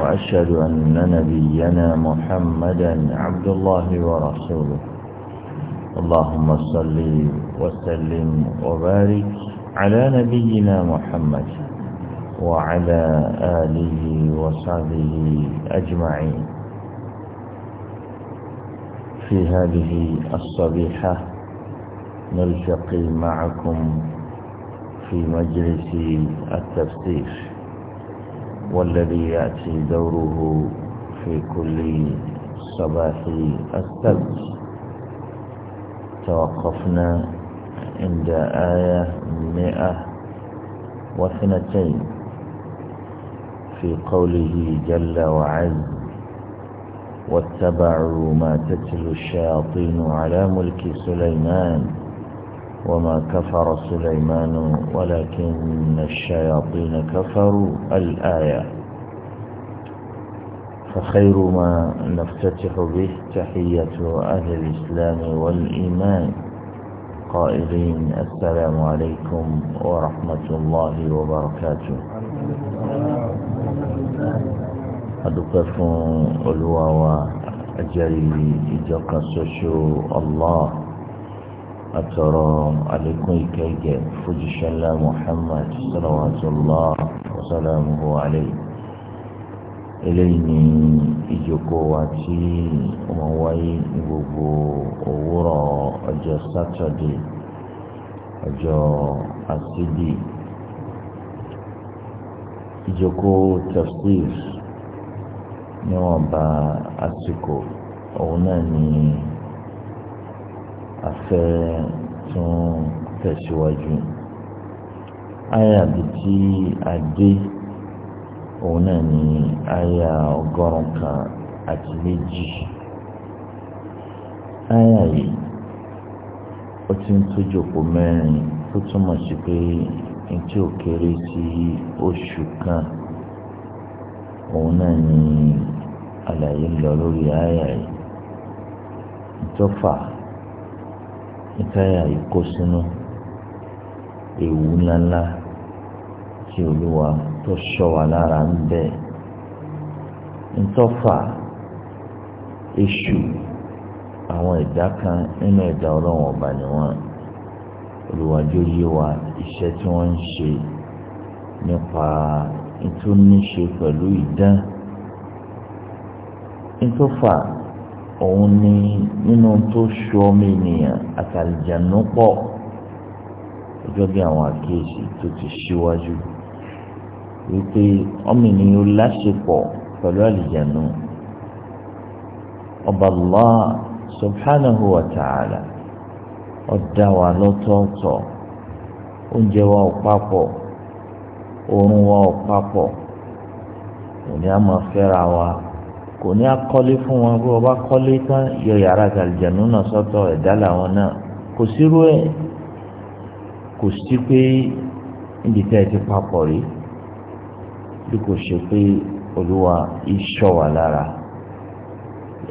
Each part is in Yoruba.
وأشهد أن نبينا محمدا عبد الله ورسوله اللهم صل وسلم وبارك على نبينا محمد وعلى آله وصحبه أجمعين في هذه الصبيحة نلتقي معكم في مجلس التفتيش والذي يأتي دوره في كل صباح السبت توقفنا عند آية مئة وثنتين في قوله جل وعز واتبعوا ما تتلو الشياطين على ملك سليمان وما كفر سليمان ولكن الشياطين كفروا الآية فخير ما نفتتح به تحية أهل الإسلام والإيمان قائلين السلام عليكم ورحمة الله وبركاته أدقف الواوى أجري إجاقة الله atọrọ àlékún ìkẹgẹ fojúṣọlá muhammad الله wasalamu alayhi eléyìí ni ìjókòó wa tí wọn wáyé ní gbogbo òwúrọ̀ ọjọ́ sátọdé ọjọ́ àsídì ìjókòó tafsir níwọ̀nba àsìkò òun náà ni afẹ́ tún tẹ̀síwájú Aya bíi tí a dé òun náà ní àyà ọgọ́rùn kan àti méjì àyà yìí ó ti ń tó jòkó mẹ́rin tó túmọ̀ sí pé etí ò kéré sí oṣù kan òun náà ní àlàyé lọ lórí àyà yìí ìtọ́fà. níkáyà ikó ewu ńláńlá tí olúwa tó sọ wà lára ń bẹ ntọ́fà èṣù àwọn ẹ̀dá kan nínú ẹ̀dá ọba ni wọ́n olùwàjò yé wa iṣẹ́ tí wọ́n ń ṣe nípa ètò pẹ̀lú ìdán ntọ́fà òun ni nínú tó so ọmọ ènìyàn àtàlìjànú pọ̀ ọjọ́ bí àwọn àkíyèsí tó ti ṣíwájú wípé ọmọ ènìyàn láṣepọ̀ pẹ̀lú àlìjànú ọba Allah subhanahu wa ta'ala ọ̀dà wa lọ́tọ̀ọ̀tọ̀ oúnjẹ wa ò papọ̀ oorun wa ò papọ̀ òní a máa fẹ́ra wa. kò ní akọ́lé fún wọn bí wọ́n bá kọ́lé tán yọ yàrá àtàlìjànú náà sọ́tọ̀ ẹ̀dá làwọn náà kò sírú ẹ̀ kò sí pé níbi tẹ́ ẹ ti papọ̀ rí bí kò ṣe pé olúwa iṣọ́ wà lára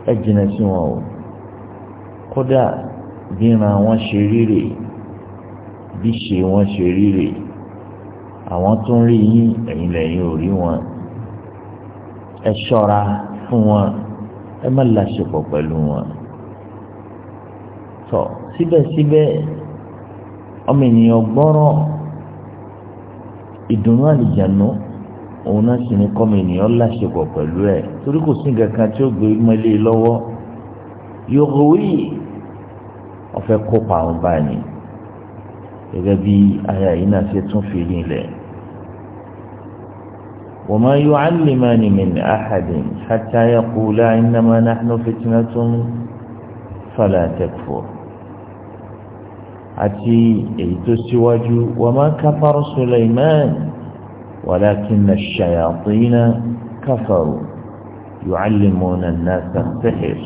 ẹ jìnnà sí wọn o kódà bíran wọn ṣe rírè bí ṣe wọn ṣe rírè àwọn tó ń rí yín ẹ̀yin lẹ́yìn ò rí wọn ẹ ṣọ́ra. fún wọn ẹ má laṣepọ̀ pẹ̀lú wọn tọ síbẹ̀síbẹ̀ ọmọ ènìyàn gbọ́rọ̀ ìdùnnú àlìjánu òun náà sì ní kọ́mọ ènìyàn laṣepọ̀ pẹ̀lú ẹ̀ torí kò sí tí ó gbé mọ́lé lọ́wọ́ yorùbá ọ̀fẹ́ kópa àwọn báyìí gẹ́gẹ́ bí aya yìí náà ṣe tún fi وما يعلمان من أحد حتى يقولا إنما نحن فتنة فلا تكفر أتي إيت السواج وما كفر سليمان ولكن الشياطين كفروا يعلمون الناس السحر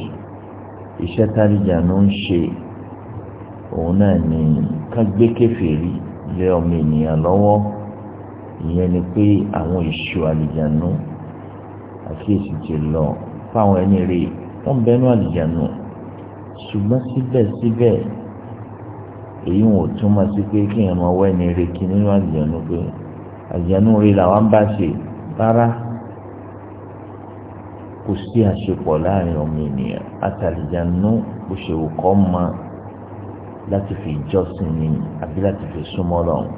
إشتى الجنون شيء هنا كبك فيري ليومين يلوه ìyẹn ni pé àwọn èso àlìjànú àkíyèsí ti lọ fáwọn ẹni rè wọ́n bẹnu àlìjànú ṣùgbọ́n síbẹ̀síbẹ̀ èyí wọn ò túmọ̀ sí pé kí èèyàn máa wá ẹni rè kí nínú àlìjànú pé àlìjànú rè làwọn ń bá ṣe rárá kò sí àṣepọ̀ láàrin ọmọ ènìyàn àtàlìjànú bó ṣe wù mọ láti fi jọ́sìn ni àbí láti fi súnmọ́ lọ́hùn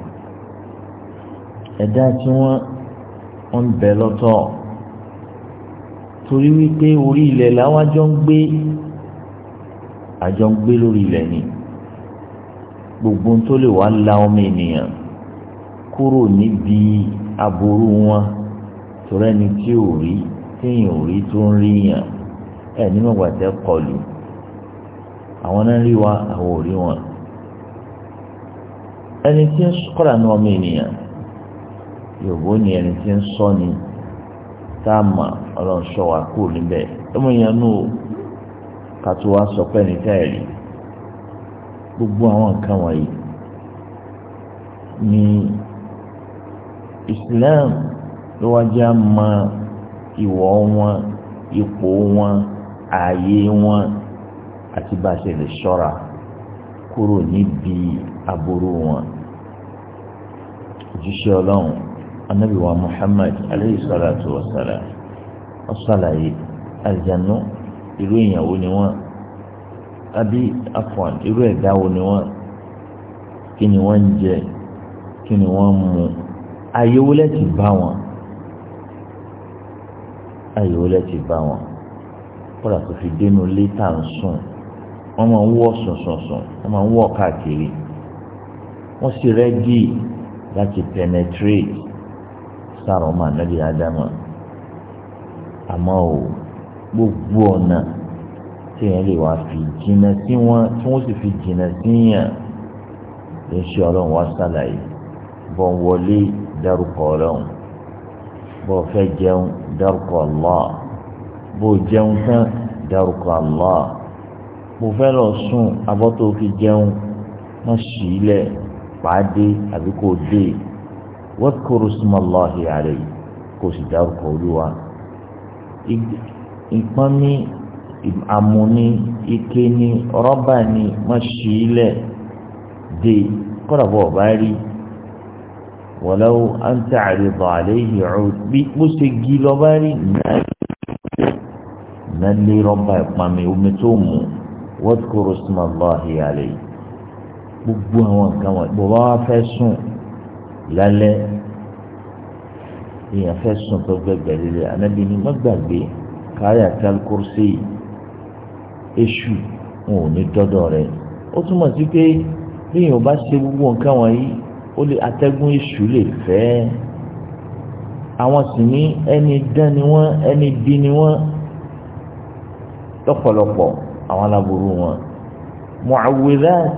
ẹ̀dá tí wọ́n ń bẹ lọ́tọ̀ torí wípé orí ilẹ̀ làwọn àjọ ń gbé àjọ ń gbé lórí ilẹ̀ ni gbogbo tó lè wá la ọmọ ènìyàn kúrò níbi aburú wọn torí ẹni tí ò rí téèyàn ò rí tó ń rí yàn ẹ nínú ìgbàdẹ kọlù àwọn náà rí wa àwọn ò rí wọn ẹni tí ń kọ́ra ní ọmọ ènìyàn yòòbó ni ẹni tí ń sọ ni tá a mọ ọlọ́run sọ wá kúrò níbẹ̀ ọmọ yẹn nù ó ká tó wá sọ pé ẹni tá rí gbogbo àwọn nǹkan wọ̀nyí ni Islam ló wá jẹ́ àmọ́ ìwọ̀ wọn ipò wọn ààyè wọn àti bá a ṣe lè ṣọ́ra kúrò níbi aburú wọn òjíṣẹ́ ọlọ́run anabi محمد عليه الصلاة والسلام الصلاة salam ọ̀sàlàyé àlìjánu أبي ìyàwó ni wọ́n àbí afọ̀n irú ẹ̀dáwó ni wọ́n kí ni wọ́n ń jẹ kí ni wọ́n ń mu àyẹ̀wò lẹ́tì bá wọn àyẹ̀wò lẹ́tì bá wọn kódà tó fi dénú létà ń sùn wọ́n máa ń wọ̀ sùnsùnsùn wọ́n máa ń wọ̀ káàkiri wọ́n sì rẹ́dí láti penetrate sára ọmọ ànábì ádámà àmọ́ ò gbogbo ọ̀nà tí yẹn lè wá fi jìnnà sí wọn tí wọ́n sì fi jìnnà sí yàn ló ń ṣe ọlọ́run wá sàlàyé bọ́n wọlé dárúkọ ọlọ́run bọ́n fẹ́ jẹun dárúkọ Allah bó jẹun tán dárúkọ Allah mo fẹ́ lọ sùn abọ́ tó fi jẹun wọ́n sì í lẹ̀ pàdé àbí kò dé wadhkuru ismallahi alayhi kò sì dárúkọ olúwa ìpọ́n ní àmú ní ike ní rọ́bà ní mọ́ṣílẹ̀ dé kọ́dàbọ̀ ọ̀bá rí wọ́lọ́wọ́ àǹtà àríbọ̀ àléhì ọ̀rọ̀ bí ó ṣe gí lọ́bá rí náà lé rọ́bà ìpamẹ́ omi tó mú wadhkuru ismallahi alayhi gbogbo àwọn nǹkan wọn bọ́bá wá fẹ́ sùn lálẹ́ èèyàn fẹ́ sùn tó gbẹgbẹ́ lílé ànábi ni má gbàgbé káyà tálkùrúsì èṣù wọn ò ní dọ́dọ̀ rẹ̀ ó túmọ̀ sí pé bíyàn bá ṣe gbogbo nǹkan wọ̀nyí ó lè atẹ́gùn èṣù lè fẹ́ àwọn sì ní ẹni dán ni wọ́n ẹni bí ni wọ́n lọ́pọ̀lọpọ̀ àwọn aláburú wọn mu'awwidat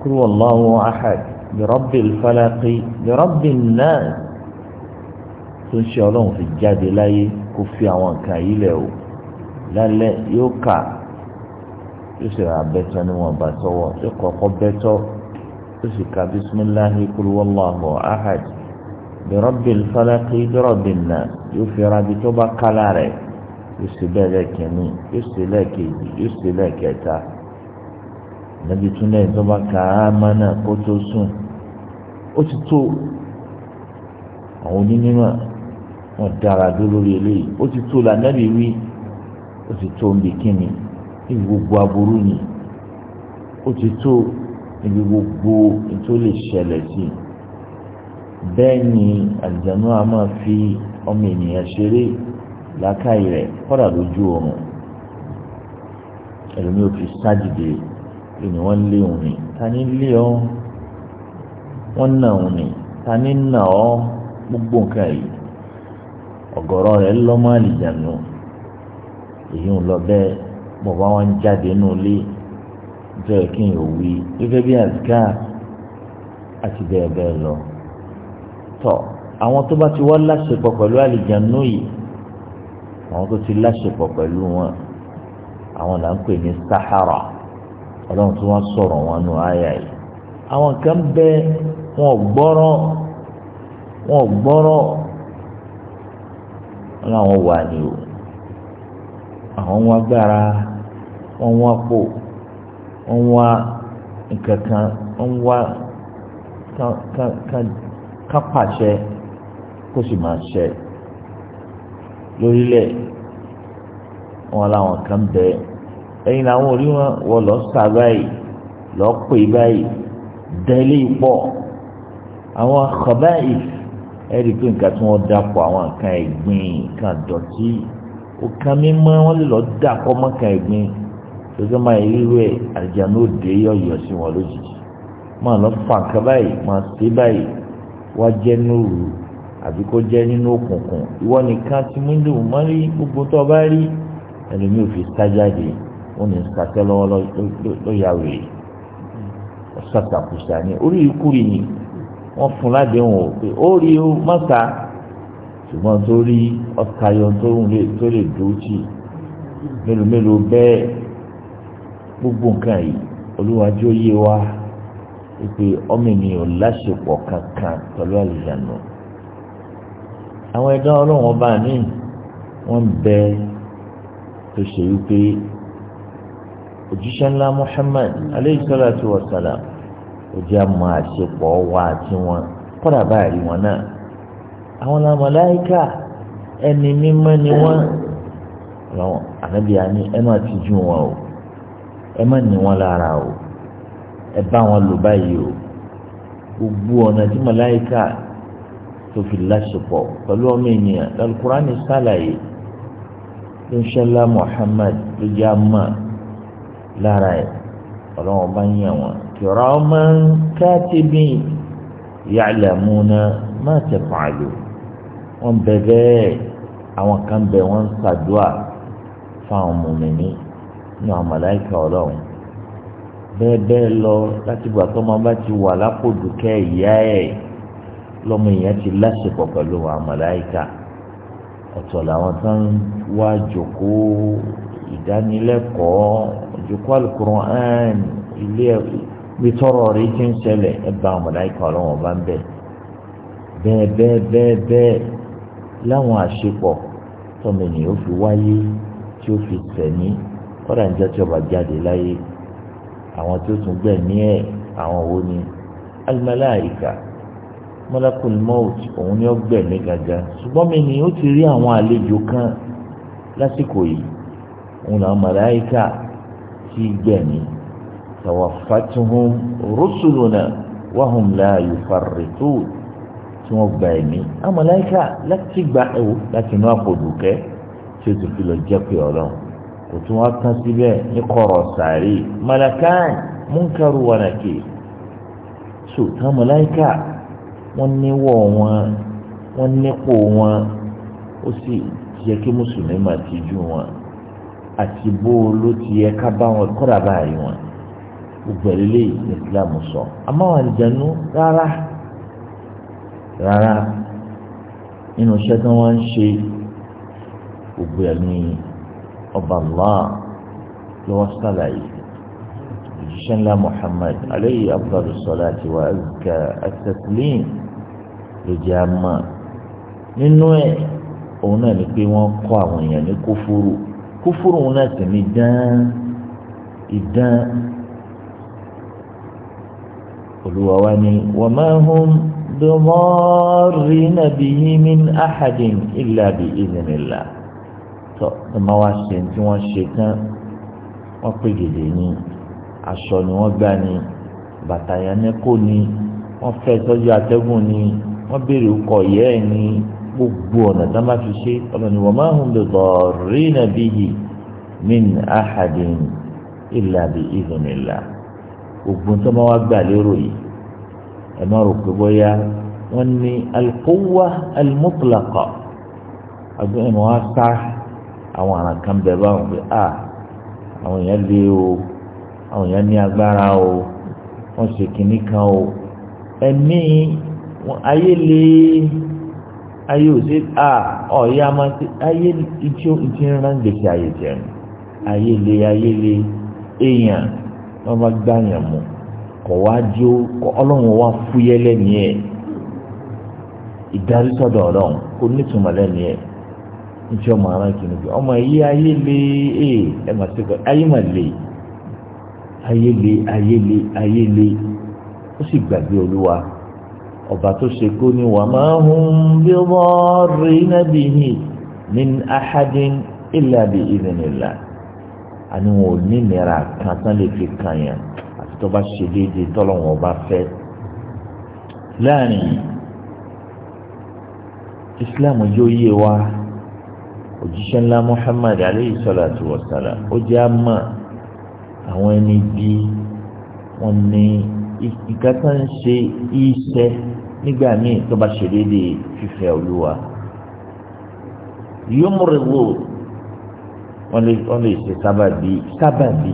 kúrò wallahu ahad lọ́rọ́bì falákì lọ́rọ́bì náà tó ń ṣe ọlọ́run fi jáde láyé kó fi àwọn nǹkan yìí lẹ̀ o lálẹ́ yóò kà yóò sì ra abẹ́tọ́ níwọ̀n bá tọwọ́ yóò kọ́kọ́ bẹ́tọ́ yóò sì ka bisimilahi kulwallahu ahad lọ́rọ́bì falákì lọ́rọ́bì náà yóò fi ra bí tó bá kálá rẹ̀ yóò sì bẹ́ẹ̀ lẹ́ẹ̀kẹ́ni yóò sì lẹ́ẹ̀kejì yóò sì lẹ́ẹ̀kẹta nàbìtúndẹ̀ tó bá kà á mánà kó tó sùn ó ti tó àwọn onímọ̀ wọn dára dó lórí eléyìí ó ti tó lànàbí wí ó ti tó níbi kíni níbi gbogbo aburú ni ó ti tó níbi gbogbo ètò lè ṣẹlẹ̀ sí bẹ́ẹ̀ ni àlìjánu a máa fi ọmọ ènìyàn ṣeré làákàyè rẹ̀ kọ́dà lójú oorun ẹlòmíì ò fi sájìde ènìyàn lé òun ni ta ni lé ọ́ wọ́n nà òun ni ta ni nà ọ́ gbogbo nǹkan yìí ọ̀gọ̀rọ̀ rẹ̀ lọ́mọ àlìjànù èyí ń lọ bẹ́ẹ̀ bọ̀bá wọn jáde nù lé jọ kí n ò wí gẹ́gẹ́ bí àzíká àti bẹ́ẹ̀ bẹ́ẹ̀ lọ tọ́ àwọn tó bá ti wá láṣepọ̀ pẹ̀lú àlìjànù yìí àwọn tó ti láṣepọ̀ pẹ̀lú wọn àwọn là ń pè ní sahara ọlọ́run tí wọ́n sọ̀rọ̀ wọn nù áyà yìí àwọn kan bẹ́ẹ̀. wọn gbọ́rọ̀ wọn gbọ́rọ̀ wọn làwọn wà ní o àwọn wọn agbára wọn wọn pò wọn wá nǹkan kan wọn wá kan pàṣẹ kó sì máa ṣẹ lórílẹ̀ wọn làwọn kan bẹ ẹyin làwọn orí wọn wọ lọ sá báyìí lọ pè báyìí dẹ́lẹ́ pọ̀. àwọn kọ̀báyì ẹ̀rí pé nǹkan tí wọ́n dàpọ̀ àwọn nǹkan ẹ̀gbìn nǹkan dọ̀tí òkan mímọ́ wọ́n lè lọ dàpọ̀ mọ́ nǹkan ẹ̀gbìn tọ́jú máa irú ẹ̀ àjànú òde yọ̀yọ̀ sí wọn lójijì máa lọ fa nǹkan báyìí máa ṣe báyìí wá jẹ́ nùrù àbí kó jẹ́ nínú òkùnkùn ìwọ nìkan tí mo ń rí gbogbo tó o rí ẹlòmí ò fi sá jáde ó ní sàtẹ́ lọ́wọ́ lọ́yàwó rẹ̀ ọ̀sàtàkùsà ni orí ikú rẹ̀ yìí wọ́n fún ládéhùn o pé ó rí o mọ́ta ṣùgbọ́n tó rí ọ̀tayọ tó lè dúró tì mélòó mélòó bẹ́ẹ̀ gbogbo nǹkan yìí olúwàjú yé wa pé ọmọ ènìyàn láṣepọ̀ kankan pẹ̀lú àlùjánu àwọn ẹ̀dá ọlọ́run ọba mi wọ́n bẹ tó ṣe wípé òjíṣẹ́ ńlá Muhammad aleyhi salatu wa salam ó jẹ́ àmọ́ àṣepọ̀ wa àti wọn kọ́dà bá rí wọn náà àwọn làmọ̀láìkà ẹni mímọ́ ni wọ́n lọ́wọ́ ànábìyà ni ẹ má tijú wọn o ẹ má ní wọn lára o ẹ bá wọn lò báyìí o gbogbo ọ̀nà tí màláìkà tó fi láṣepọ̀ pẹ̀lú ọmọ ènìyàn lálùkùránì sálàyé inṣàlá Muhammad ló jẹ́ àmọ́ lára ẹ̀ ọlọ́wọ́n bá ń yàn wọ́n kiraman katibin ya'lamuna ما تفعلون، wọ́n bẹ bẹ́ẹ̀ àwọn kan bẹ wọ́n ṣàdúà fáwọn mùmìnì ní àwọn màláìka ọlọ́run bẹ́ẹ̀ bẹ́ẹ̀ lọ láti gbà tó máa bá ti wà lápò dùkẹ́ ìyá ẹ̀ lọ́mọ èèyàn ti láṣepọ̀ pẹ̀lú àwọn màláìka ọ̀tọ̀ làwọn tán wá jókòó ìdánilẹ́kọ̀ọ́ jókòó alukur'an ilé ẹ̀kọ́ bí tọrọ rí ti ń ṣẹlẹ̀ ẹ bá àwọn mọ̀láìkà ọlọ́wọ́n bá ń bẹ̀ bẹ́ẹ̀ bẹ́ẹ̀ bẹ́ẹ̀ bẹ́ẹ̀ láwọn àṣepọ̀ tọ́mọ ènìyàn fi wáyé tí ó fi tẹ̀mí kọ́dà ń jẹ́ tí ọba jáde láyé àwọn tí ó tún gbẹ̀mí ẹ̀ àwọn wo ni alimalaika malakul maut òun ni ó gbẹ̀mí gàgà ṣùgbọ́n mi ni ó ti rí àwọn àlejò kan lásìkò yìí òun làwọn màláìka ti gbẹ̀mí tawaffatuhum rusuluna wahum la yufarritun tí wọ́n gba ẹ̀mí àmọ́ láyìíká láti gba ẹ̀wò láti inú àpòdùkẹ́ tí o ti fi lọ jẹ́ pé ọlọ́run kò tún wá tán síbẹ̀ ní kọ̀rọ̀ sàárè malakan munkaru wa nakir so táwọn mọ̀láyìíká wọ́n níwọ̀ wọn wọ́n nípò wọn ó sì yẹ kí mùsùlùmí máa ti jú wọn àti bó ló ti yẹ ká bá wọn kọ́ra báyìí wọn gbogbo eléyìí ní islam sọ àmọ́ àwọn àlìjánu rárá rárá nínú iṣẹ́ tí wọ́n ń ṣe gbogbo ẹ̀mí ọba allah ló wọ́n sàlàyé òjíṣẹ́ ńlá muhammad aleyhi abdul salati wa azka ataslim ló jẹ́ àmà nínú ẹ̀ òun náà ni pé wọ́n kọ́ àwọn èèyàn ní kófóró kófóró òun náà sì ní dán ìdán olùwà wa ni wa ma hum bidarrina bihi min ahadin illa bi idhnillah tọ́ ẹ má wá ṣe tí wọ́n ṣe tán wọ́n pè gèdè ní aṣọ ni wọ́n gbà ní bàtà yẹn ní kò ní wọ́n fẹ́ sọ́jú atẹ́gùn ní wọ́n béèrè ọkọ̀ yẹ́ ẹ̀ ní gbogbo ọ̀nà tá a máa fi ṣe ọlọ́ni wa ma hum bidarrina bihi min ahadin illa bi idhnillah ògùn tó máa wá gbà lérò yìí ẹ má rò pé bóyá wọ́n ní alikowa alimutulaka agbẹ́ni mo wá sá àwọn àràn kan bẹ̀ báwọn pé a àwọn èèyàn lé o àwọn èèyàn ní agbára o wọ́n ṣe kínní kan o ẹ̀mí ayé lè ayé ò sí a ọ̀ya máa ti ayé ìtí ìtí ń gbèsè ayé jẹun ayé lè ayé lè èèyàn. wọn bá gbàyàn mọ kọ wá jó kọ ọlọ́run wá fúyẹ́ lẹni ẹ ìdarí sọ́dọ̀ ọlọ́run kò nítumọ̀ lẹ́ni ẹ̀ ntí ọmọ ara kìíní bi ọmọ yìí ayé le ee ẹ mà kọ ayé ma le ayé le ayé le ayé le ó sì gbàgbé olúwa ọba tó ṣe kó ni wà máa bí wọ́n rí nábìyìn ní ahadin bi àní wọn ò ní ìnira kan tán lè fi kàn yẹn àti tó bá ṣe déédéé tọ́lọ̀ wọn bá fẹ́. láàrin islam yóò yé wa òjíṣẹ́ ńlá muhammad aleyhi salatu wa salam ó jẹ́ àmà àwọn ẹni bí wọ́n ní ìkàtà ṣe iṣẹ́ nígbà míì tó bá ṣe déédéé fífẹ́ olúwa yóò múre wò wọ́n lè wọ́n lè ṣe sábàbí sábàbí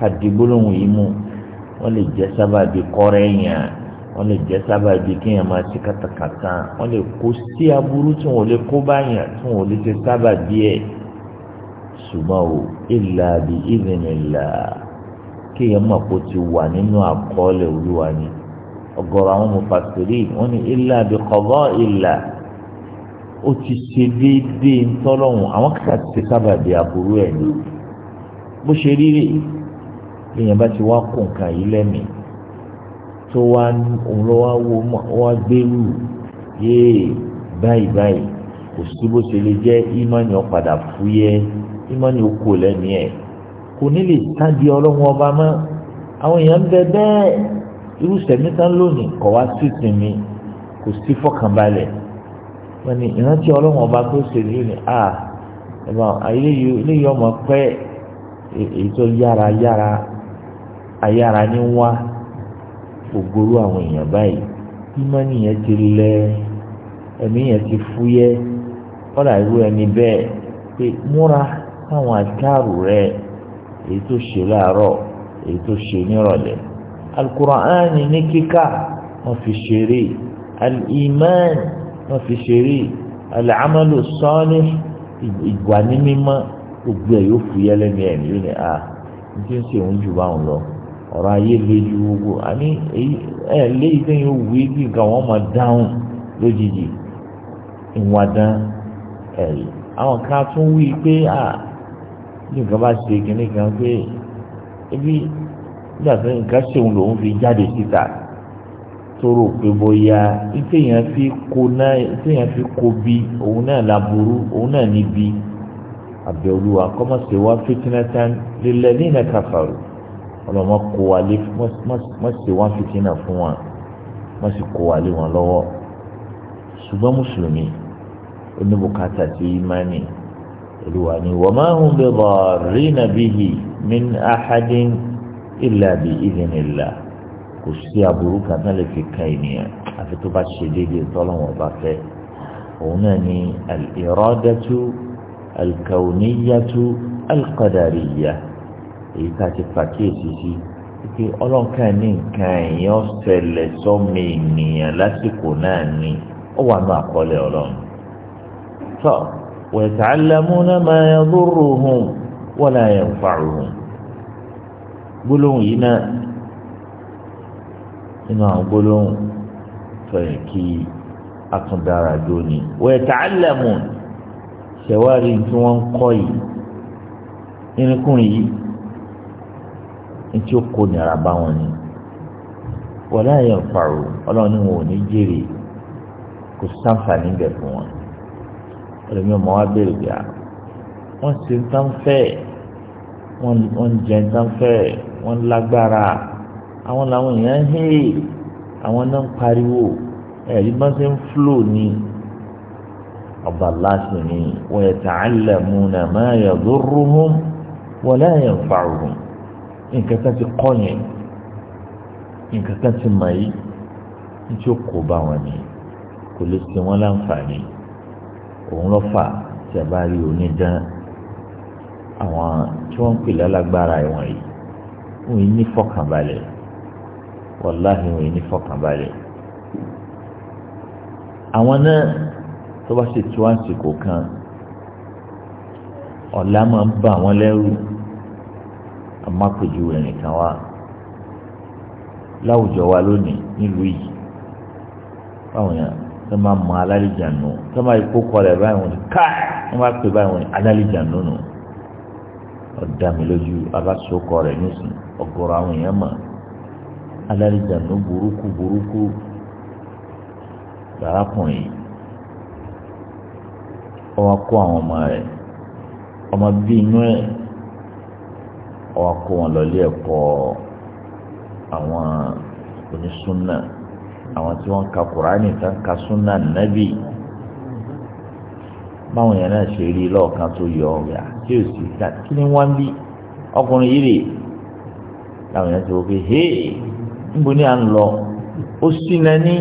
kàdìgbólóhùn yìí mú wọ́n lè jẹ́ sábàbí kọ́rẹ́ yẹn wọ́n lè jẹ́ sábàbí kéèyàn máa ṣe kàtàkàtà wọ́n lè kó sí aburú tí wọ́n lè kó báyàn tí wọ́n lè ṣe sábàbí ẹ̀ ṣùgbọ́n o ìlà bí ìrìnìlà kéèyàn mọ̀ kó ti wà nínú àkọọ́lẹ̀ olúwa ni ọ̀gọ̀rọ̀ àwọn mufasiri wọ́n ní ìlà bí kọ́bọ́ ìlà ó ti ṣe déédéé ńtọ́lọ́hún àwọn kàkà ti ṣe sábàbí àbúrò ẹ̀ ni bó ṣe rí rè èèyàn bá ti wá kó nǹkan yìí lẹ́mìí tó wá òun lọ wá wo wá gbérù yéè báyìí báyìí kò sí bó ṣe lè jẹ́ ìmọ̀nì ọ̀padà fúyẹ́ ìmọ̀nì okò lẹ́mìí ẹ̀ kò ní lè sáàdì ọlọ́run ọba mọ́ àwọn èèyàn bẹ bẹ́ẹ̀ irú sẹ̀mí lónìí kọ̀ wá sí ìsinmi kò sí fọkànbalẹ̀ wọ́n ní ìrántí ọlọ́run ọba tó ṣèlú ni a ẹ̀bà eléyìí ọmọ pẹ́ èyí tó yára yára ayára ní wá ògbóró àwọn èèyàn báyìí ìmọ̀nì yẹn ti lẹ ẹ̀mí yẹn ti fúyẹ́ ọ̀là irú ẹni bẹ́ẹ̀ pé múra káwọn àtàrù rẹ èyí tó ṣe láàárọ̀ èyí tó ṣe nírọ̀lẹ́ alukóra áàní ní kíkà wọ́n fi ṣeré alìmánì wọ́n fi ṣeré al-amalu salih ìgbà ní mímọ́ gbogbo ẹ̀ yóò fúyẹ́ lẹ́nu ẹ̀ ní ní a n ti ń ṣe òun jù báwọn lọ ọ̀rọ̀ ayé lé ju gbogbo àní ẹ̀ léyìí sẹ́yìn òwú igi nǹkan wọ́n máa dáhùn lójijì ìwọ̀n adán ẹ̀ àwọn kan tún wí pé a nǹkan bá ṣe kìnnìkan pé ebi nígbà tó nǹkan ṣe lòun fi jáde síta tóró pé bóyá ìtẹ̀yàn fi kó náà ìtẹ̀yàn fi kó bí òun náà laburú òun náà níbi àbẹ̀olúwa kọ́mọ̀sẹ̀ wá fitinatan lilladhina kafaru ọlọ́mọ kó wa lé mọ̀sẹ̀ wá fitinà fún wa mọ̀sẹ̀ kó wa lé wọn lọ́wọ́ ṣùgbọ́n mùsùlùmí oníbùkátà ti ìmánì olúwa ni wa ma hum bidarrina bihi min ahadin illa bi idhnillah kò sí aburú kan tán lè fi ka ènìyàn àfi tó bá ṣe déédéé tọ́lọ́wọ́n bá fẹ́ òun náà ni al-iradatu al-kawniyatu al-qadariyya èyí tá a ti pàkíyèsí sí pé ọlọ́nkàn ní nǹkan èèyàn ṣẹlẹ̀ sọ́mi ènìyàn lásìkò náà ni ó wà ní àkọọ́lẹ̀ ọlọ́run tó wa yata'allamuna ma yadurruhum wa la yanfa'uhum gbólóhùn yìí náà nínú àwọn gbólóhùn fẹ̀yẹ̀ kí atúndára dó ni wọ́n ta'allamu ṣẹ̀wárí tí wọ́n ń kọ́ yìí irinkunrin yìí ní tí ó kó nira bá wọn ni wọ́n láyé ọ̀fàrò ọlọ́run ní wọn ò ní jèrè kò sáǹfààní bẹ̀ fún wọn ẹlẹ́mi ọmọ wa béèrè bí a wọ́n ṣe ń tán fẹ́ wọ́n ń jẹ́ ń tán fẹ́ wọ́n lágbára àwọn làwọn èèyàn ń hé àwọn náà ń pariwo ẹ̀rí bá ṣe ń fúlò ní ọba láti ní wa yata'allamuna ma yadurruhum wa la yanfa'uhum nǹkan kan ti kọ́ yẹn nǹkan kan ti mọ̀ yìí nítorí kò bá wọn ni kò lè ṣe wọn láǹfààní òun lọ fà tí a bá rí onídán àwọn tí wọ́n ń pè lálágbára ẹ̀wọ̀n yìí òun yìí ní fọkànbalẹ̀ wàláhì wọ̀nyí ní fọkànbalẹ̀ àwọn náà tó bá ṣe tó àsìkò kan ọ̀la máa ń bà wọ́n lẹ́rù amákòjú ẹnìkan wa láwùjọ wa lónìí nílùú yìí báwọn yẹn tó máa mọ alálìjànú tó máa kó kọlẹ̀ báyìí wọ́n ti ká wọ́n máa pè báyìí wọ́n ni alálìjànú nù ọ̀dà mi lójú abásokọ̀ rẹ̀ ọ̀gọ̀rọ̀ àwọn èèyàn mọ̀ alárìjànú burúkú burúkú làrákùnrin ọwọ́ kó àwọn ọmọ rẹ̀ ọmọ bíi inú ẹ̀ ọwọ́ kó wọn lọlé ẹ̀kọ́ àwọn onísúnà àwọn tí wọ́n ka kùránì tán ka súnà nábì báwọn yẹn náà ṣe rí lọ́ọ̀kan tó yọ ọ̀yà tí ò sì ká kí ni wọ́n bí ọkùnrin níbo ni à ń lọ ó ṣìnà ní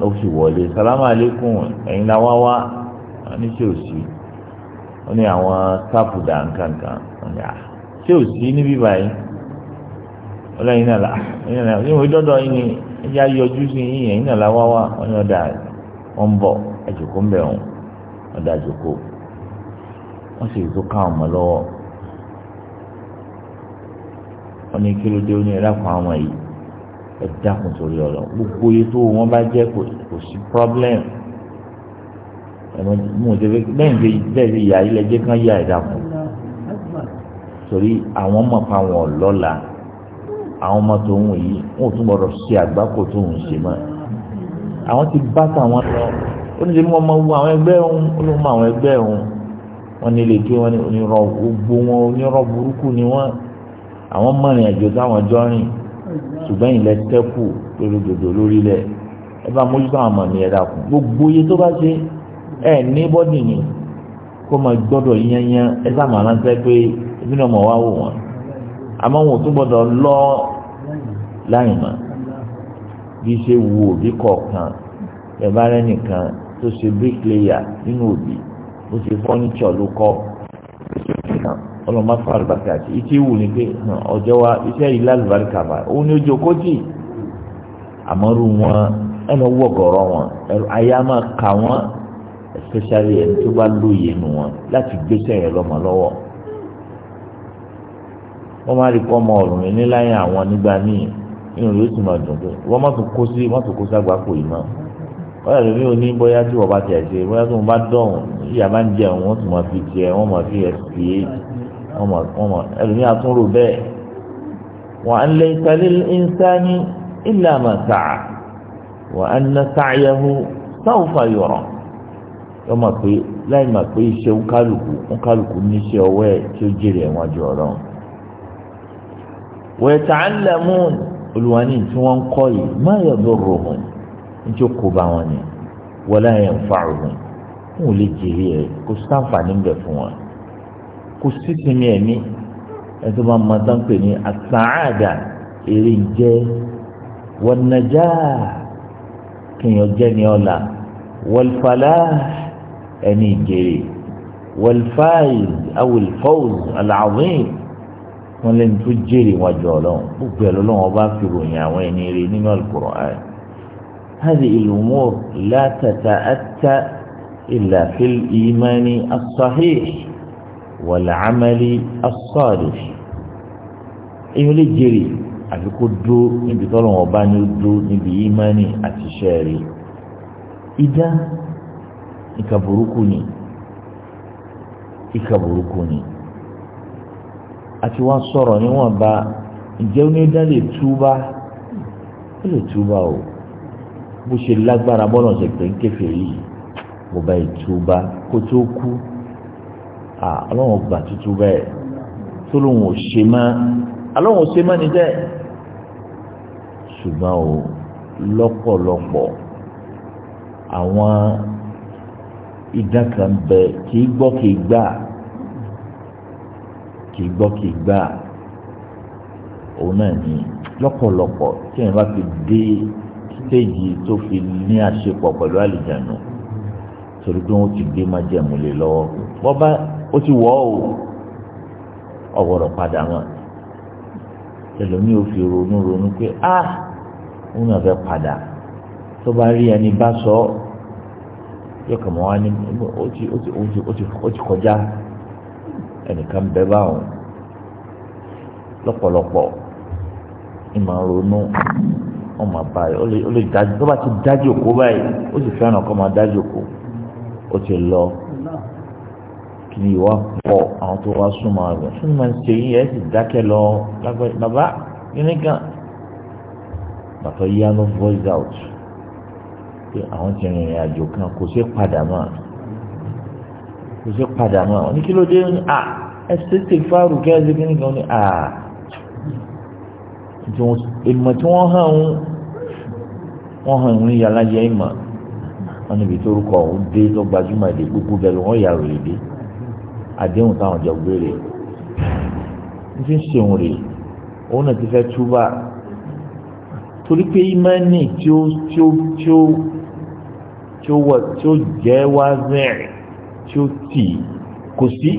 ló fi wọlé salamu aleykum ẹ̀yin la wá wá ní ṣé ò sí ó ní àwọn sáàpù dà nkankan ṣé ò sí níbí báyìí ó lẹ́yìn náà la ẹ̀yin náà ní ìwé dọ́dọ̀ yín ni ẹ̀yà yọjú sí yín ẹ̀yin náà la wá wá ó ní ọ̀dà wọn ń bọ̀ ẹ̀jọ̀kọ́ ń bẹ̀ wọn ọ̀dà ẹ̀jọ̀kọ́ wọ́n sì tó ká ọmọ lọ́wọ́ wọn ní kílódé ó ní ẹ̀rọ kan àwọn yìí ẹ dákun torí ọ̀rọ̀ gbogbo iye tó wọn bá jẹ́ kò sí problem ẹ̀mọ mo ṣe bẹ́ẹ̀ ṣe bẹ́ẹ̀ ṣe yà ilẹ̀ jẹ́ kán yà ẹ̀dá kù torí àwọn ọmọ pa wọn lọ́la àwọn ọmọ tó ń yìí wọn ò tún gbọdọ̀ ṣe àgbákò tó ń ṣe mọ́ àwọn ti bá tàwọn lọ oníṣẹ́ ni wọ́n máa wo àwọn ẹgbẹ́ òun olóhùn àwọn ẹgbẹ́ òun wọ́n nílé kí wọ́n ní onírọ̀ gbogbo wọn onírọ̀ burúkú ni wọ́n àwọn mọ̀rìn àjò táwọn jọ rìn ṣùgbọ́n ilẹ̀ tẹ́kù lórí dòdò lórílẹ̀ ẹ bá mójútó àwọn mọ̀mí ẹ dàkún gbogbo iye tó bá ṣe ẹ ní bọ́dì ni kó máa gbọ́dọ̀ yányán ẹ sáà máa rántẹ́ pé ebi náà mọ̀ wá wò wọ́n àmọ́ wọn ò tún gbọ́dọ̀ lọ láì mọ̀ bí ṣe wo òbí kọ̀ọ̀kan ẹ bá rẹ́ nìkan tó ṣe bíríkìlẹ́yà nínú òbí ó ṣe fọ́nìṣọ̀ ló kọ́ ó ṣe fi hàn ọlọ́mọ fún àlùbáríkà tí ìtì wù ní pé ọjọ́ wa iṣẹ́ yìí lálùbáríkà bá òun ni ó jókòó tì àmọ́rú wọn ẹnu wọ̀gọ̀rọ̀ wọn ayé a máa wọn especially ẹni tó bá lóye nu wọn láti gbéṣẹ́ yẹn lọ́mọ lọ́wọ́ wọ́n máa rí kọ́ ọmọ ọ̀rùn ní láyé àwọn nígbà míì inú rẹ̀ ó sì máa dùn pé wọ́n má tún kó sí má tún kó ságbá kò yìí mọ́ wọ́n yàtọ̀ mí ò ní bóyá tí wọ́n bá tẹ̀ ṣe bóyá tí wọ́n bá dọ̀hún ìyá bá ń jẹun wọ́n tún máa fi tiẹ̀ wọ́n máa fi ẹ̀ fi é ọmọ ẹlòmíì àtúnrò bẹ́ẹ̀ wa an laysa lil insani illa ma sa'a wa anna sa'yahu sawfa yura ọmọ pé láì mà pé iṣẹ́ nkálukú nkálukú níṣẹ́ ọwọ́ ẹ̀ tí ó jèrè ẹ̀wọ̀n àjọ ọ̀rọ̀ wa yata'allamun olùwàní tí wọ́n ń kọ́ yìí ma yadurruhum níjó kó bá wọn ni wala yanfa'uhum wọn ò lè jèrè ẹ̀ kó sáǹfà níbẹ̀ fún wọn kò sí sinmi ẹ̀mí ẹ̀tọ́ máa ma tán pè ní àtàádà èrè jẹ́ wọnàjà kìnyàn jẹ́ ní ọ̀la wọlfàlà ẹni ìjèrè wọlfàì awolfọ́ọ̀z aláwìn wọn lẹ́nu tó jèrè wọn jọ ọlọ́run gbogbo ẹ̀ lọ́lọ́run ọba fi ròyìn àwọn ẹni rè nínú alukur'an هذه الأمور لا تتأتى إلا في الإيمان الصحيح wàlàámẹ́lì asọ́ọ̀lù èyí lè jèrè àfi kó dó níbi tọ́lọ̀ wọn bá ní ó dó níbi ìmánì àti iṣẹ́ rí ìdá ìkà burúkú ni ìkà burúkú ni àti wá sọ̀rọ̀ níwọ̀nba ǹjẹ́ onídá lè túbá ó lè túbá o bó ṣe lágbára bọ́lọ̀ ṣe ń kéfèé yìí mo bá ìtúbá kó tó kú ọlọ́run gbà tútù bẹ́ẹ̀ tó lóun ò ṣe mọ́ ọlọ́run ò ṣe mọ́ ni bẹ́ẹ̀ ṣùgbọ́n o lọ́pọ̀lọpọ̀ àwọn idán kan bẹ kì í gbọ́ kì í gbà kì í gbọ́ kì í gbà òun náà ni lọ́pọ̀lọpọ̀ tí èèyàn bá fi dé stéèjì tó fi ní àṣepọ̀ pẹ̀lú àlìjánu torí pé wọ́n ti gbé má jẹ̀mú lé lọ́wọ́ bọ́bá ó ti wọ́ o ọ̀wọ́rọ̀ padà wọn ẹlòmíì ò fi ronú ronú pé a òun náà fẹ́ padà tó bá rí ẹni bá sọ yóò kàn mọ́ wá ní ó ti kọjá ẹnìkan bẹ báwọn lọ́pọ̀lọpọ̀ ìmọ̀ ronú ọmọ báyìí ó lè dájú tó bá ti dájú òkú báyìí ó sì fẹ́ràn kó máa dájú òkú ó ti lọ kí ìwà pọ̀ àwọn tó wá súnmọ́ rẹ̀ fún mi ṣe yí ẹ sì dákẹ́ lọ lágbẹ́ bàbá kíní kan bàtọ́ yíyá ló voice out pé àwọn ti rìnrìn àjò kan kò ṣe padà mọ́ kò ṣe padà mọ́ ọ ní kí ló dé ní à ẹ ṣe ṣe fáàrù kẹ́ẹ̀sì kíní kan ní à ìmọ̀ tí wọ́n hàn wọ́n hàn ní yàrá yẹ ìmọ̀ wọn níbi tó rúkọ ọ̀hún dé tó gbajúmọ̀ èdè gbogbo bẹ́ẹ̀ ló wọ́n yà rèé dé àdéhùn táwọn jọ gbére ní ti ń ṣeun rèé òun náà ti fẹ́ túbà torí pé ìmánì tí ó tí ó tí ó tí ó wọ tí ó jẹ́ wá rẹ̀ tí ó tì kò sí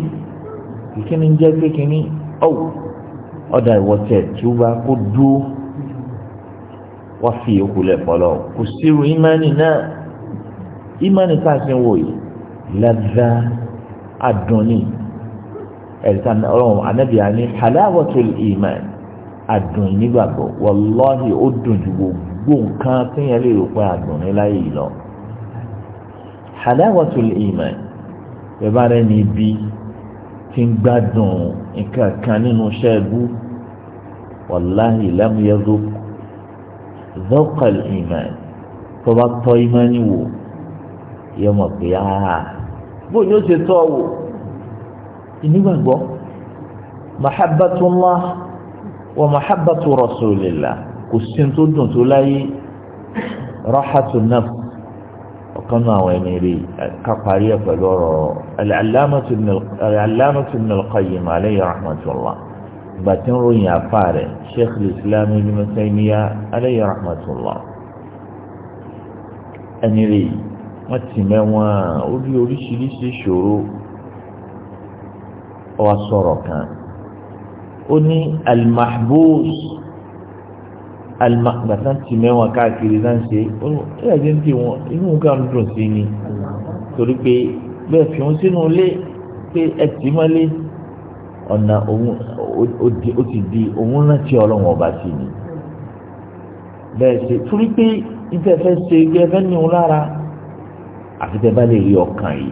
ìkíni jẹ́ pé kíní ọ̀wọ̀ ọ̀dà ìwọ̀tẹ̀ tí kó dúró wá fi ìyókù lẹ̀ fọlọ́ kò sí irú ìmánì náà ìmánì tá a ṣe ń wò yìí lẹ́dá adùnní ẹ̀ríkà ọlọ́run anábìá ní halawatul ìmánì adùn nígbàgbọ́ wàláhì ó dùn ju gbogbo nǹkan téèyàn lè rò pé adùn ní láyé yìí lọ halawatul ìmánì bẹ́ẹ̀ rẹ̀ ní ibi tí ń gbádùn nǹkan kan nínú iṣẹ́ ẹbú wàláhì lam yazuk zawqal ìmánì tó bá tọ́ ìmánì yóò mọ̀ pé aa ah, bó ni ó ṣe tọ́ wò ìnígbàgbọ́ mahabbatullah wa mahabbatu rasulillah kò sí tó dùn tó láyé rahatu naf ọ̀kan náà àwọn ẹni rí ká parí ẹ̀ pẹ̀lú ọ̀rọ̀ al-allamatu ibn al ń ròyìn àfa rẹ̀ sheikh islam ibn taymiya alayhi rahmatullah ẹni rí wọ́n ti mẹ́wọ́n ó rí oríṣiríṣi ìṣòro ọwọ́ sọ̀rọ̀ kan ó ní al-mahbus alimagbata ti mẹ́wọ̀n káàkiri náà ṣe ẹ̀yà jẹ́ ti wọn inú nǹkan dùn sí ni torí pé bẹ́ẹ̀ fi wọn sínú ilé pé ẹ tì mọ́lé ọ̀nà ó ti di òun náà tí ọlọ́wọ̀n ọba sí ni bẹ́ẹ̀ ṣe torí pé ìfẹ́fẹ́ ṣe gẹ́fẹ́ ní òun lára àfi tẹ́ bá lè rí ọkàn yìí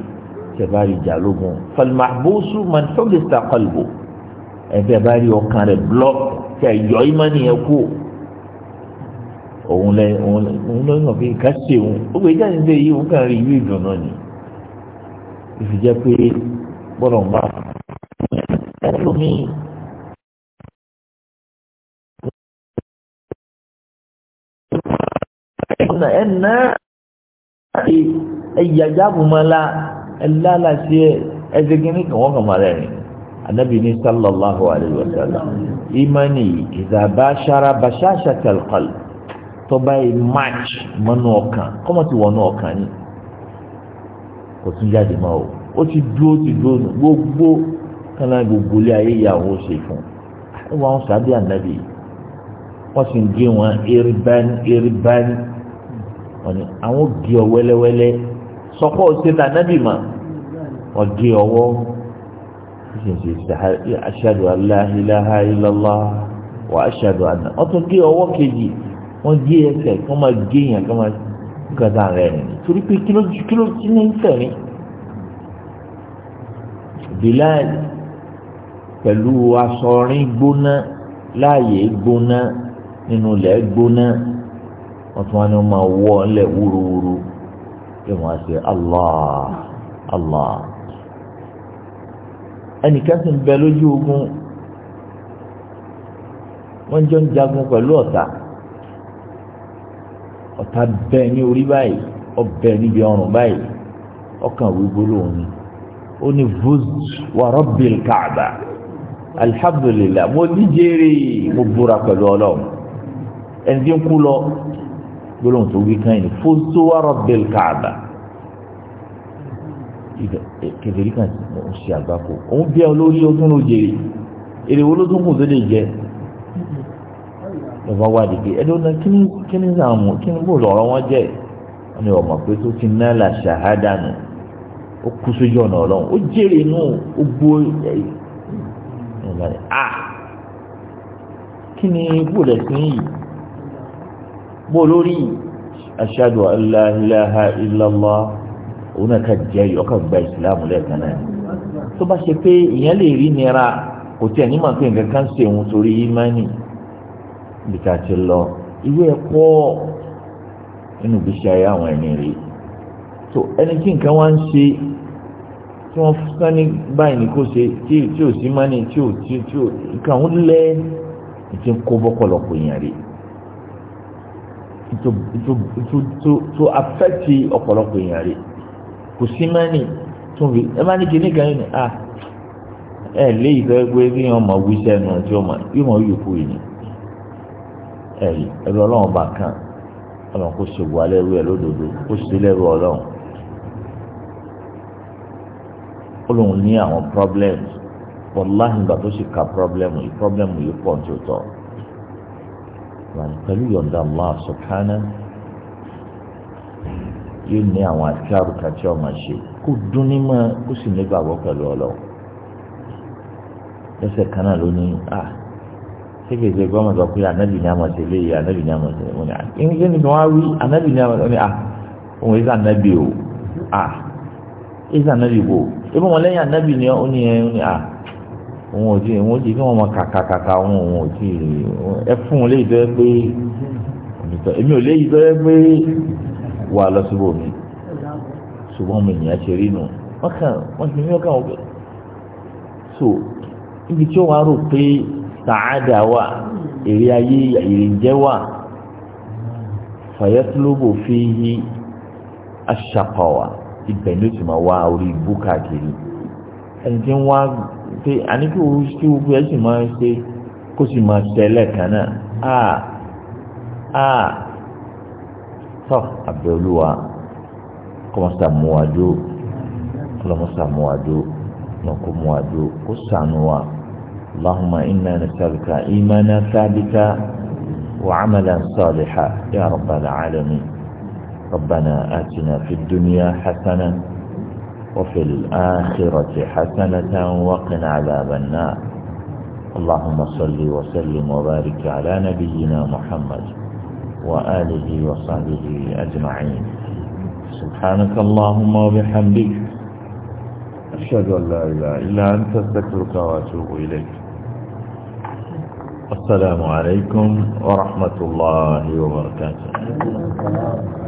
tẹ́ bá rí ìjàlógún falmahbusu man hubista qalbu ẹ̀fẹ́ bá rí ọkàn rẹ̀ blọ́k tẹ́ yọ ìmánì yẹn kú òun lẹ òun lọ́yìn ọ̀fẹ́ ìka ṣe òun ó gbé jáde níbẹ̀ yìí òun kàn rí ìlú ìdùnnú ni ìfìjẹ́ pé gbọ́dọ̀ ń bá ẹlòmíì. ẹnna ẹ̀yà jáàbù máa la ẹ̀lá láti ẹ̀ ẹ̀sẹ̀ kìíní kan wọ́n kàn máa rẹ̀ rìn anabi ní sallallahu alayhi wa sallam imani ìdá bàṣára bàṣáṣà kẹlkọl tó báyìí match mọ́nú ọkàn kọ́mọ ti wọnú ọkàn ni kò tún jáde mọ́ o ó ti dúró ti dúró nù gbogbo kánà gbogbo ilé ayé ìyàwó ṣe fún un wọn sábẹ́ anabi wọ́n sì ń gé wọn eriban eriban wọ́n ní àwọn gé ọ wẹ́lẹ́wẹ́lẹ́ sọ́kọ́ ṣẹta nábì mà wọ́n gé ọwọ́ ṣíṣe ṣe aṣáájú aláhìláhà ìlọ́lá wọ́n aṣáájú àná wọ́n tún gé ọwọ́ kejì wọ́n gé ẹsẹ̀ kí wọ́n máa gé yẹn kí wọ́n máa gàdá rẹ̀ nì torí pé kí ló kí ló ti ní sẹ̀rí Bilal pẹ̀lú aṣọ gbóná láàyè gbóná nínú ilẹ̀ gbóná wọ́n tún wá ní wọ́n máa wọ́ ọ́nlẹ̀ wúruwúru kí wọ́n á ṣe allah allah ẹnìkan sì ń bẹ lójú ogun wọ́n jọ ń jagun pẹ̀lú ọ̀tá ọ̀tá bẹ́ẹ̀ ní orí báyìí ọbẹ̀ níbi ọrùn báyìí ọkàn wíwó lòun ni ó ní vuz wa rabbil kaaba alhamdulilah mo díje mo búra pẹ̀lú ọlọ́run ẹni kú lọ gbólóhùn tó wí kan yìí fóso wàrọ̀ bẹ́ẹ̀ káàbà kẹfẹ́rí kan ń ṣe àgbákò òun bí olórí ọdún ló jèrè èrè wo ló tún kù tó lè jẹ ẹ bá wá dìde ẹ lọ́nà kíní kíní àwọn kíní bò lọ́rọ́ wọn jẹ wọn ni ọmọ pé tó ti ná là ṣàhádà ó kú sójú ọ̀nà ọlọ́run ó jèrè nù ó gbó ẹ ẹ ẹ ah kíni bò lẹ́sìn yìí bó lórí ashadu an la ilaha illallah òun náà ká jẹ́ ìyọ́kà gba ìsìlámù lẹ́ẹ̀kan náà tó bá ṣe pé ìyẹn lè rí nira kò tí ẹni máa ń pè nǹkan kan ṣe òun torí ìmánì bìtà ti lọ ìwé ẹ̀kọ́ nínú ìgbésí ayé àwọn ẹni rèé tó ẹni tí nǹkan wá ń ṣe tí wọ́n fún ní báyìí ní kò ṣe tí ò sí mánì tí ò tí ò nǹkan ń ti ń kó bọ́kọ̀lọpọ̀ yẹn rèé tó afẹ́tì ọ̀pọ̀lọpọ̀ èèyàn rẹ̀ kò sí mẹ́rin tó fi ẹ má ní kíní kan ní à ẹ lé ìfẹ́ pé kí wọ́n mọ̀ wí sẹ́nu tí wọ́n mọ̀ yóò mọ̀ yóò kú yìí ẹ rí ẹ̀rọ ọlọ́run bá kàn ọlọ́run kò ṣe wà lẹ́rú ẹ̀ lódodo kò ṣe lẹ́rú ọlọ́run ó lóun ní àwọn problems wàláhìn gbà tó ṣe ka problem yìí problem yìí pọ̀ tó tọ̀ pẹ̀lú yọ̀ǹda Allah subhanahu yóò ní àwọn àtúnyàrú kàtí ọmọ ṣe kó dún ní mọ́ kó sì nígbàgbọ́ pẹ̀lú ọlọ́ lẹ́sẹ̀ kan náà ló ní à ah, sẹ́kẹ̀ ṣe gbọ́mọ̀ sọ pé anábì ní àmọ̀ ṣe léyìí anábì ní àmọ̀ ṣe wọ́n ní à ìyẹn ní wọ́n á wí anábì ah, ah, ní àmọ̀ ṣe à òun ìsà anábì o à ìsà anábì wo ìbọn wọn lẹ́yìn anábì ní ọ́ ní ẹ̀ ní à òun ò tí òun ò tí kí wọ́n mọ kàkàkàkà òun òun ò tí ẹ fún un léyìí tó yẹ pé òbítọ́ èmi ò léyìí tó yẹ pé wà lọ síbò mi ṣùgbọ́n ọmọ ènìyàn ṣe rí nù wọ́n kàn wọ́n ti ní ọkàn ọ̀gbẹ́ so ibi tí ó wàá rò pé sàádà wà èrè ayé ìrìnjẹ́ wà fàyẹ́tìlóbò fi yí aṣàkọ̀wà ibẹ̀ ni ó máa wá orí ibú káàkiri ẹni tí ń wá pé àní kí wọ́n kí wọ́n fi ẹ̀sìn máa ṣe kó sì máa ṣẹlẹ̀ kan náà a a tọ́ abẹ́olúwa kọ́mọ́sá mú wa dó kọ́mọ́sá mú kó sànú wa Allahumma inna nasaluka imana sabita وعملا صالحا يا رب العالمين ربنا آتنا في الدنيا حسنة وفي الآخرة حسنة وقنا عذاب النار اللهم صل وسلم وبارك على نبينا محمد وآله وصحبه أجمعين سبحانك اللهم وبحمدك أشهد أن لا إله إلا أنت استغفرك وأتوب إليك السلام عليكم ورحمة الله وبركاته